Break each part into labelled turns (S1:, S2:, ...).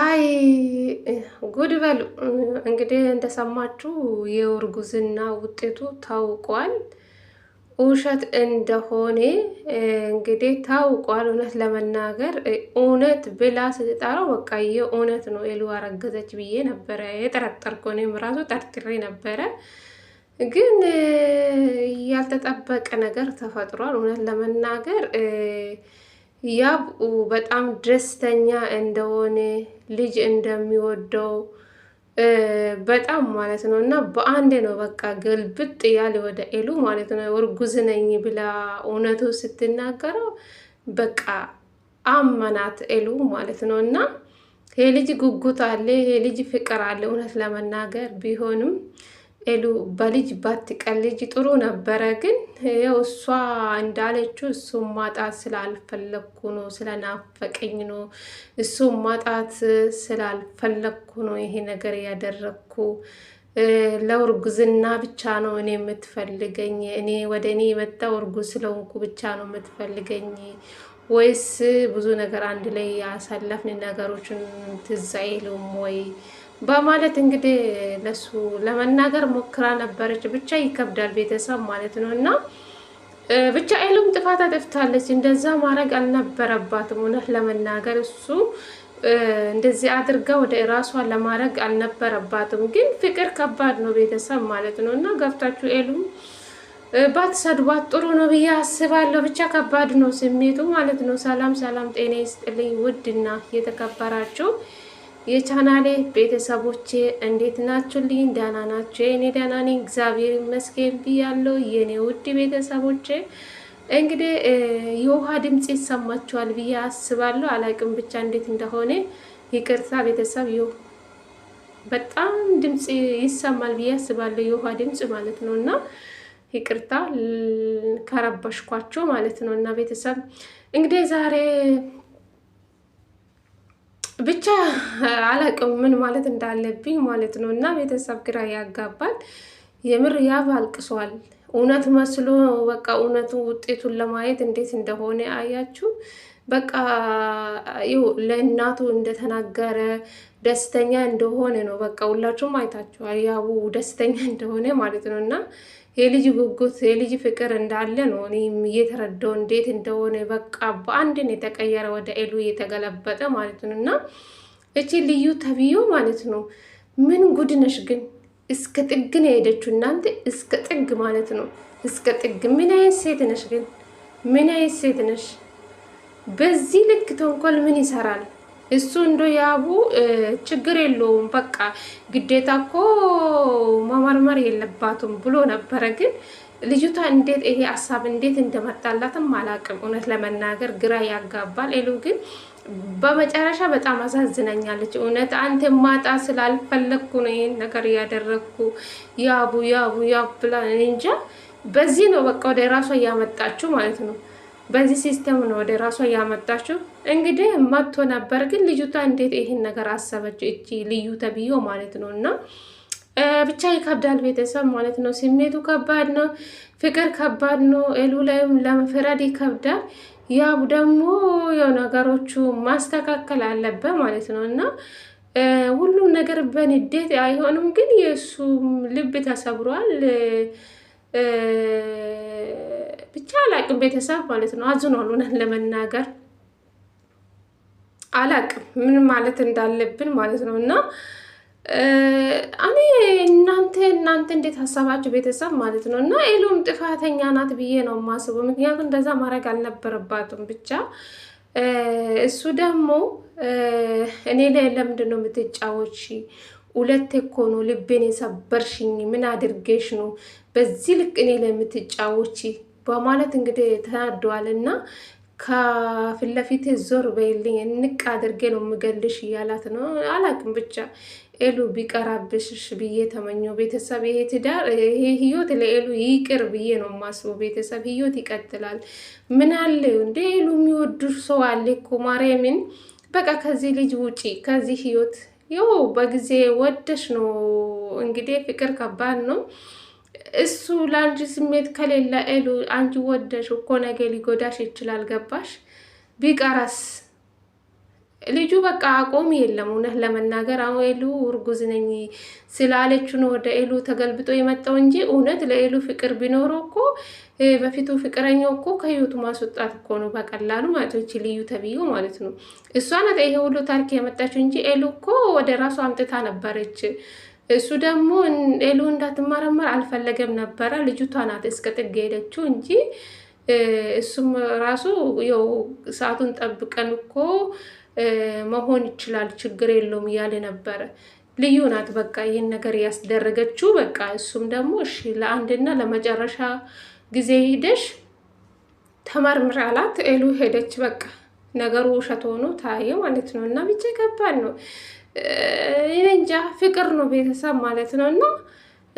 S1: አይ ጉድ በሉ እንግዲህ እንደሰማችሁ የእርጉዝና ውጤቱ ታውቋል። ውሸት እንደሆነ እንግዲህ ታውቋል። እውነት ለመናገር እውነት ብላ ስትጠራው በቃ የእውነት ነው ኤሉ አረገዘች ብዬ ነበረ የጠረጠርኩ። እኔም ራሱ ጠርጥሬ ነበረ፣ ግን ያልተጠበቀ ነገር ተፈጥሯል። እውነት ለመናገር ያ በጣም ደስተኛ እንደሆነ ልጅ እንደሚወደው በጣም ማለት ነው። እና በአንዴ ነው በቃ ገልብጥ ያለ ወደ ኤሉ ማለት ነው። እርጉዝ ነኝ ብላ እውነቱ ስትናገረው በቃ አመናት ኤሉ ማለት ነው። እና ይሄ ልጅ ጉጉት አለ፣ ይሄ ልጅ ፍቅር አለ እውነት ለመናገር ቢሆንም ኤሉ በልጅ ባትቀን ልጅ ጥሩ ነበረ። ግን ያው እሷ እንዳለችው እሱን ማጣት ስላልፈለግኩ ነው፣ ስለናፈቀኝ ነው፣ እሱን ማጣት ስላልፈለግኩ ነው ይሄ ነገር ያደረግኩ። ለእርጉዝና ብቻ ነው እኔ የምትፈልገኝ፣ እኔ ወደ እኔ የመጣው እርጉዝ ስለሆንኩ ብቻ ነው የምትፈልገኝ ወይስ ብዙ ነገር አንድ ላይ ያሳለፍን ነገሮችን ትዝ አይሉም ወይ በማለት እንግዲህ ለሱ ለመናገር ሞክራ ነበረች። ብቻ ይከብዳል ቤተሰብ ማለት ነው እና ብቻ አይሉም ጥፋት አጥፍታለች። እንደዛ ማድረግ አልነበረባትም። እውነት ለመናገር እሱ እንደዚህ አድርጋ ወደ ራሷ ለማድረግ አልነበረባትም። ግን ፍቅር ከባድ ነው ቤተሰብ ማለት ነው እና ገብታችሁ ኤሉም ባትሰድቧት ጥሩ ነው ብዬ አስባለሁ። ብቻ ከባድ ነው ስሜቱ ማለት ነው። ሰላም ሰላም፣ ጤና ይስጥልኝ ውድና የተከበራችሁ የቻናሌ ቤተሰቦቼ እንዴት ናችሁልኝ? ደህና ናችሁ? የኔ ደህና ነኝ እግዚአብሔር ይመስገን ብያለሁ። የኔ ውድ ቤተሰቦቼ እንግዲህ የውሃ ድምፅ ይሰማችኋል ብዬ አስባለሁ። አላቅም ብቻ እንዴት እንደሆነ ይቅርታ ቤተሰብ። በጣም ድምፅ ይሰማል ብዬ አስባለሁ፣ የውሃ ድምፅ ማለት ነው እና ይቅርታ ከረበሽኳቸው ማለት ነው እና ቤተሰብ እንግዲህ ዛሬ ብቻ አላቅም ምን ማለት እንዳለብኝ ማለት ነው። እና ቤተሰብ ግራ ያጋባል። የምር ያብ አልቅሷል። እውነት መስሎ በቃ እውነቱ ውጤቱን ለማየት እንዴት እንደሆነ አያችሁ። በቃ ለእናቱ እንደተናገረ ደስተኛ እንደሆነ ነው። በቃ ሁላችሁም አይታችኋል፣ ያቡ ደስተኛ እንደሆነ ማለት ነው። እና የልጅ ጉጉት የልጅ ፍቅር እንዳለ ነው እኔም እየተረዳው እንዴት እንደሆነ በቃ በአንድን የተቀየረ ወደ ኤሉ እየተገለበጠ ማለት ነው። እና እቺ ልዩ ተብዮ ማለት ነው ምን ጉድ ነሽ ግን እስከ ነው የሄደችው እናንተ እስከ ጥግ ማለት ነው። እስከ ጥግ ምን አይነት ሴት ነሽ ግን? ምን አይነት ሴት ነሽ? በዚህ ልክ ተንኮል ምን ይሰራል? እሱ እንዶ ያቡ ችግር የለውም በቃ ግዴታ እኮ መመርመር የለባትም ብሎ ነበረ። ግን ልጅቷ እንዴት ይሄ ሀሳብ እንዴት እንደመጣላትም አላቅም። እውነት ለመናገር ግራ ያጋባል። ሉ ግን በመጨረሻ በጣም አሳዝነኛለች እውነት አንተ ማጣ ስላልፈለግኩ ነው ይህን ነገር እያደረግኩ ያቡ ያቡ ያቡ ብላ እንጃ። በዚህ ነው በቃ ወደ ራሷ እያመጣችው ማለት ነው። በዚህ ሲስተም ነው ወደ ራሷ ያመጣችው። እንግዲህ መጥቶ ነበር፣ ግን ልጅቷ እንዴት ይህን ነገር አሰበች? እቺ ልዩ ተብዮ ማለት ነው እና ብቻ ይከብዳል፣ ቤተሰብ ማለት ነው። ስሜቱ ከባድ ነው፣ ፍቅር ከባድ ነው። እሉ ላይም ለመፍረድ ይከብዳል። ያው ደግሞ ያው ነገሮቹ ማስተካከል አለበት ማለት ነው እና ሁሉም ነገር በንዴት አይሆንም፣ ግን የእሱ ልብ ተሰብሯል። ብቻ አላቅም ቤተሰብ ማለት ነው። አዝኗል። እውነት ለመናገር አላቅም ምን ማለት እንዳለብን ማለት ነው እና እኔ እናንተ እናንተ እንዴት ሀሳባችሁ ቤተሰብ ማለት ነው እና ኤሎም ጥፋተኛ ናት ብዬ ነው የማስበው። ምክንያቱም እንደዛ ማድረግ አልነበረባትም። ብቻ እሱ ደግሞ እኔ ላይ ለምንድን ነው የምትጫወች? ሁለት እኮ ነው ልቤን የሰበርሽኝ። ምን አድርጌሽ ነው በዚህ ልክ እኔ ላይ የምትጫወቺ በማለት እንግዲህ ተናደዋል እና ከፊት ለፊት ዞር በይልኝ እንቅ አድርጌ ነው የምገልሽ እያላት ነው። አላቅም ብቻ ኤሉ ቢቀራብሽሽ ብዬ ተመኘ። ቤተሰብ ይሄ ትዳር ይሄ ህይወት ለኤሉ ይቅር ብዬ ነው ማስቡ። ቤተሰብ ህይወት ይቀጥላል። ምን አለ እንደ ኤሉ የሚወዱ ሰው አለ እኮ ማርያምን። በቃ ከዚህ ልጅ ውጪ ከዚህ ህይወት ይኸው በጊዜ ወደሽ ነው እንግዲህ። ፍቅር ከባድ ነው። እሱ ለአንቺ ስሜት ከሌለ ኤሉ አንቺ ወደሽ እኮ ነገ ሊጎዳሽ ይችላል። ገባሽ? ቢቀረስ ልጁ በቃ አቆም የለም። እውነት ለመናገር አሁን ኤሉ እርጉዝ ነኝ ስላለች ነው ወደ ኤሉ ተገልብጦ የመጣው እንጂ እውነት ለኤሉ ፍቅር ቢኖረው እኮ በፊቱ ፍቅረኛው እኮ ከህይወቱ ማስወጣት እኮ ነው በቀላሉ ማለት ነው። ልዩ ተብዬው ማለት ነው። እሷ ናት ይሄ ሁሉ ታሪክ የመጣችው እንጂ ኤሉ እኮ ወደ ራሱ አምጥታ ነበረች። እሱ ደግሞ ሄሉ እንዳትመረመር አልፈለገም ነበረ። ልጅቷ ናት እስከ ጥግ ሄደችው እንጂ እሱም ራሱ ያው ሰዓቱን ጠብቀን እኮ መሆን ይችላል ችግር የለውም እያለ ነበረ። ልዩ ናት በቃ ይህን ነገር ያስደረገችው። በቃ እሱም ደግሞ እሺ ለአንድና ለመጨረሻ ጊዜ ሂደሽ ተመርምር አላት። ሄሉ ሄደች። በቃ ነገሩ ውሸት ሆኖ ታየ ማለት ነው። እና ብቻ ከባድ ነው። እንጃ ፍቅር ነው ቤተሰብ ማለት ነው። እና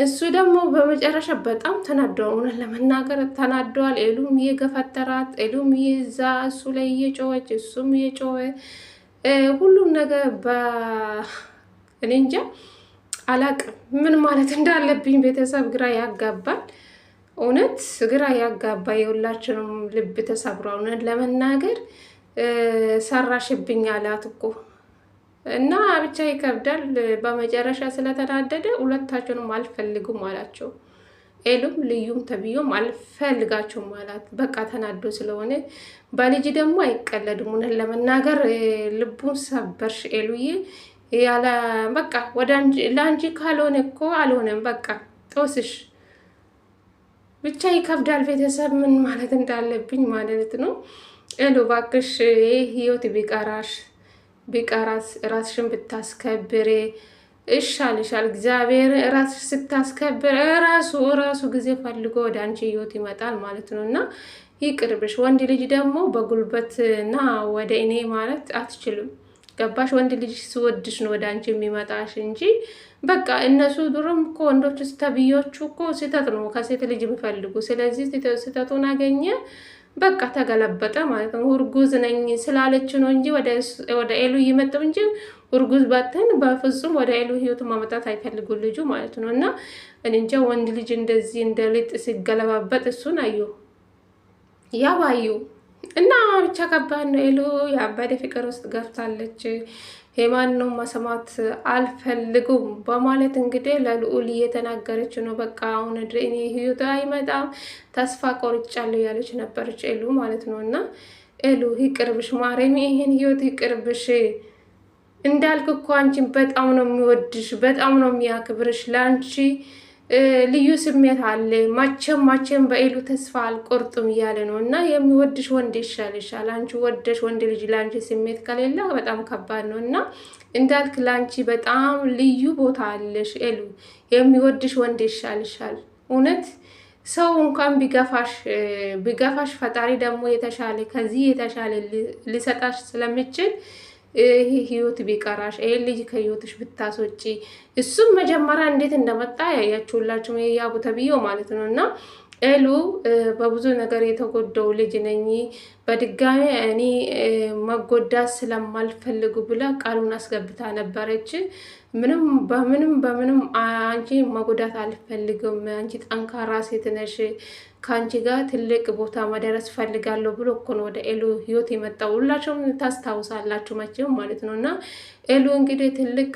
S1: እሱ ደግሞ በመጨረሻ በጣም ተናደዋል። እውነት ለመናገር ተናደዋል። ኤሉም እየገፈተራት፣ ኤሉም እዛ እሱ ላይ እየጮኸች፣ እሱም እየጮኸ ሁሉም ነገር በእኔ እንጃ አላቅም ምን ማለት እንዳለብኝ ቤተሰብ ግራ ያጋባል። እውነት ግራ ያጋባ የሁላችንም ልብ ተሰብሯል። እውነት ለመናገር ሰራሽብኝ አላት እኮ እና ብቻ ይከብዳል። በመጨረሻ ስለተናደደ ሁለታቸውንም አልፈልጉም አላቸው። ኤሉም ልዩም ተብዮም አልፈልጋቸውም አላት። በቃ ተናዶ ስለሆነ በልጅ ደግሞ አይቀለድም። እውነት ለመናገር ልቡን ሰበርሽ ኤሉዬ። ያለ በቃ ወደ ለአንቺ ካልሆነ እኮ አልሆነም። በቃ ጦስሽ ብቻ ይከብዳል። ቤተሰብ ምን ማለት እንዳለብኝ ማለት ነው። ኤሉ እባክሽ ይህ ህይወት ቢቀራሽ ብቃ ራስሽን ብታስከብሬ እሻልሻል እግዚአብሔር ራስሽ ስታስከብር ራሱ ራሱ ጊዜ ፈልጎ ወደ አንቺ ህይወት ይመጣል ማለት ነው እና ይቅርብሽ። ወንድ ልጅ ደግሞ በጉልበትና ወደ እኔ ማለት አትችልም። ገባሽ? ወንድ ልጅ ስወድሽ ነው ወደ አንቺ የሚመጣሽ እንጂ በቃ እነሱ ድሮም እኮ ወንዶች ተብዮቹ እኮ ስህተት ነው ከሴት ልጅ የሚፈልጉ። ስለዚህ ስህተቱን አገኘ በቃ ተገለበጠ ማለት ነው። እርጉዝ ነኝ ስላለች ነው እንጂ ወደ ኤሉ እየመጣው እንጂ እርጉዝ ባትን በፍጹም ወደ ኤሉ ህይወት ማመጣት አይፈልጉ ልጁ ማለት ነው። እና እንጃ ወንድ ልጅ እንደዚህ እንደ ልጥ ሲገለባበጥ እሱን አዩ ያባዩ እና ብቻ ከባድ ነው። ሄሉ የአባዴ ፍቅር ውስጥ ገብታለች። ሄማን ነው መሰማት አልፈልጉም በማለት እንግዲህ ለልዑል እየተናገረች ነው። በቃ አሁን እኔ ህይወት አይመጣም ተስፋ ቆርጫለሁ ያለች ነበረች ሄሉ ማለት ነው። እና ሄሉ ይቅርብሽ ማረሚ ይህን ህይወት ይቅርብሽ እንዳልክ እኮ አንቺን በጣም ነው የሚወድሽ፣ በጣም ነው የሚያክብርሽ ለአንቺ ልዩ ስሜት አለ። ማቸም ማቸም በኤሉ ተስፋ አልቆርጥም እያለ ነው እና የሚወድሽ ወንድ ይሻልሻል። አንቺ ወደሽ ወንድ ልጅ ለአንቺ ስሜት ከሌለ በጣም ከባድ ነው እና እንዳልክ ለአንቺ በጣም ልዩ ቦታ አለሽ ኤሉ። የሚወድሽ ወንድ ይሻልሻል። እውነት ሰው እንኳን ቢገፋሽ ቢገፋሽ ፈጣሪ ደግሞ የተሻለ ከዚህ የተሻለ ሊሰጣሽ ስለሚችል ይህ ህይወት ቢቀራሽ ይህ ልጅ ከህይወትሽ ብታስወጪ እሱም መጀመሪያ እንዴት እንደመጣ ያያችሁላችሁ ያቡ ተብዬው ማለት ነው እና ኤሉ በብዙ ነገር የተጎዳው ልጅ ነኝ፣ በድጋሚ እኔ መጎዳት ስለማልፈልጉ ብላ ቃሉን አስገብታ ነበረች። ምንም በምንም በምንም አንቺ መጎዳት አልፈልግም፣ አንቺ ጠንካራ ሴት ነሽ፣ ከአንቺ ጋር ትልቅ ቦታ መደረስ ፈልጋለሁ ብሎ እኮ ነው ወደ ኤሉ ህይወት የመጣው። ሁላቸውም ታስታውሳላችሁ መቼም ማለት ነው። እና ኤሉ እንግዲህ ትልቅ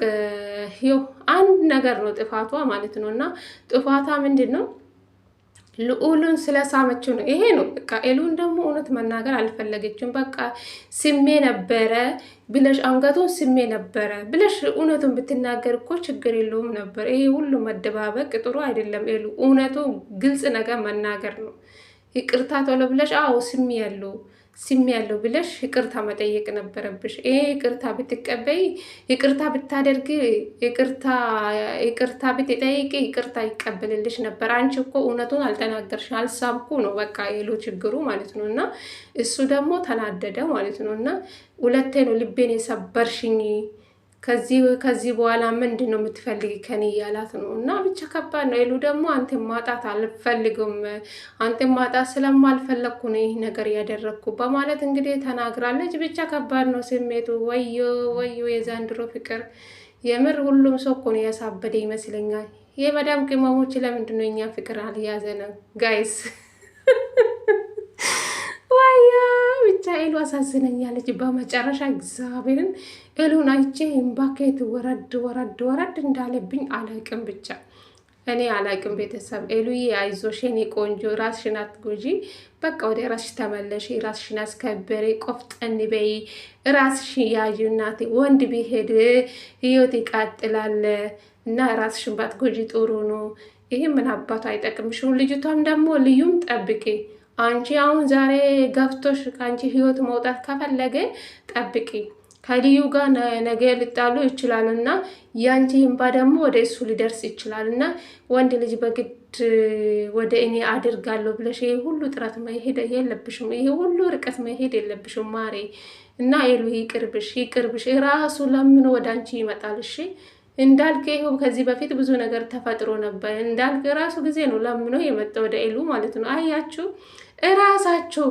S1: አንድ ነገር ነው ጥፋቷ ማለት ነው። እና ጥፋቷ ምንድን ነው? ልዑሉን ስለሳመችው ነው። ይሄ ነው በቃ። ኤሉን ደግሞ እውነት መናገር አልፈለገችም። በቃ ስሜ ነበረ ብለሽ አንገቱን ስሜ ነበረ ብለሽ እውነቱን ብትናገር እኮ ችግር የለውም ነበር። ይሄ ሁሉ መደባበቅ ጥሩ አይደለም። ኤሉ እውነቱ ግልጽ ነገር መናገር ነው። ይቅርታ ቶሎ ብለሽ አዎ ስሜ ያለው ስም ያለው ብለሽ ይቅርታ መጠየቅ ነበረብሽ። ይሄ ይቅርታ ብትቀበይ፣ ይቅርታ ብታደርግ፣ ይቅርታ ብትጠይቅ ይቅርታ ይቀበልልሽ ነበር። አንቺ እኮ እውነቱን አልተናገርሽ፣ አልሳብኩ ነው በቃ የሎ ችግሩ ማለት ነው። እና እሱ ደግሞ ተናደደ ማለት ነው። እና ሁለቴ ነው ልቤን የሰበርሽኝ ከዚህ በኋላ ምንድን ነው የምትፈልግ ከኔ እያላት ነው። እና ብቻ ከባድ ነው። ሄሉ ደግሞ አንተን ማጣት አልፈልግም፣ አንተን ማጣት ስለማልፈለግኩ ነው ይህ ነገር ያደረግኩ በማለት እንግዲህ ተናግራለች። ብቻ ከባድ ነው ስሜቱ። ወዮ ወዮ፣ የዘንድሮ ፍቅር የምር ሁሉም ሰው እኮ ነው ያሳበደ ይመስለኛል። የመዳም ቅመሞች ለምንድን ነው እኛ ፍቅር አልያዘንም ጋይስ? አሳዝነኛለች። በመጨረሻ እግዚአብሔርን እሉን አይቼ እምባኬት ወረድ ወረድ ወረድ እንዳለብኝ አላቅም ብቻ እኔ አላቅም። ቤተሰብ ኤሉዬ አይዞሽ፣ የኔ ቆንጆ ራስሽን አትጎጂ። በቃ ወደ ራስሽ ተመለሽ፣ ራስሽን አስከበሪ፣ ቆፍጠን በይ፣ ራስሽ ያዩ እናቴ። ወንድ ቢሄድ ህይወት ይቃጥላል እና ራስሽን ባትጎጂ ጥሩ ነው። ይህም ምን አባቱ አይጠቅምሽም። ልጅቷም ደግሞ ልዩም ጠብቄ አንቺ አሁን ዛሬ ገፍቶሽ ከአንቺ ህይወት መውጣት ከፈለገ ጠብቂ። ከልዩ ጋር ነገ ሊጣሉ ይችላሉ እና የአንቺ እንባ ደግሞ ወደ እሱ ሊደርስ ይችላል እና ወንድ ልጅ በግድ ወደ እኔ አድርጋለሁ ብለሽ ይሄ ሁሉ ጥረት መሄድ የለብሽም። ይሄ ሁሉ ርቀት መሄድ የለብሽም ማሬ እና ይሉ ይቅርብሽ፣ ይቅርብሽ። ራሱ ለምን ወደ አንቺ ይመጣል? እሺ እንዳልክ ይሁብ ከዚህ በፊት ብዙ ነገር ተፈጥሮ ነበር። እንዳልክ ራሱ ጊዜ ነው ለምኖ የመጣ ወደ ኤሉ ማለት ነው። አያችሁ እራሳችሁ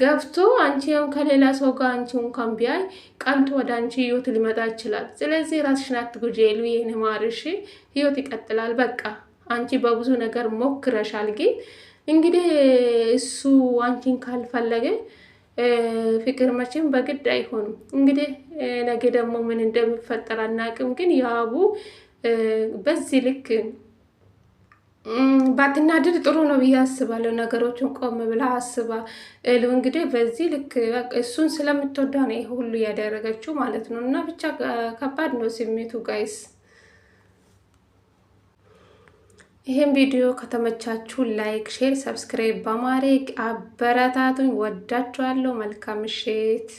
S1: ገብቶ አንቺ ያው ከሌላ ሰው ጋር አንቺ እንኳን ቢያይ ቀንቶ ወደ አንቺ ህይወት ሊመጣ ይችላል። ስለዚህ ራስሽን አትጉጂ ኤሉ፣ ይህን ማርሽ ህይወት ይቀጥላል። በቃ አንቺ በብዙ ነገር ሞክረሻል። ግን እንግዲህ እሱ አንቺን ካልፈለገ ፍቅር መቼም በግድ አይሆንም። እንግዲህ ነገ ደግሞ ምን እንደሚፈጠር አናቅም። ግን የአቡ በዚህ ልክ ባትናድድ ጥሩ ነው ብዬ አስባለሁ። ነገሮችን ቆም ብላ አስባ ሉ እንግዲህ በዚህ ልክ እሱን ስለምትወዳ ነው ይህ ሁሉ ያደረገችው ማለት ነው። እና ብቻ ከባድ ነው ስሜቱ ጋይስ ይህም ቪዲዮ ከተመቻችሁ ላይክ፣ ሼር፣ ሰብስክራይብ በማድረግ አበረታቱኝ። ወዳችኋለሁ። መልካም ምሽት።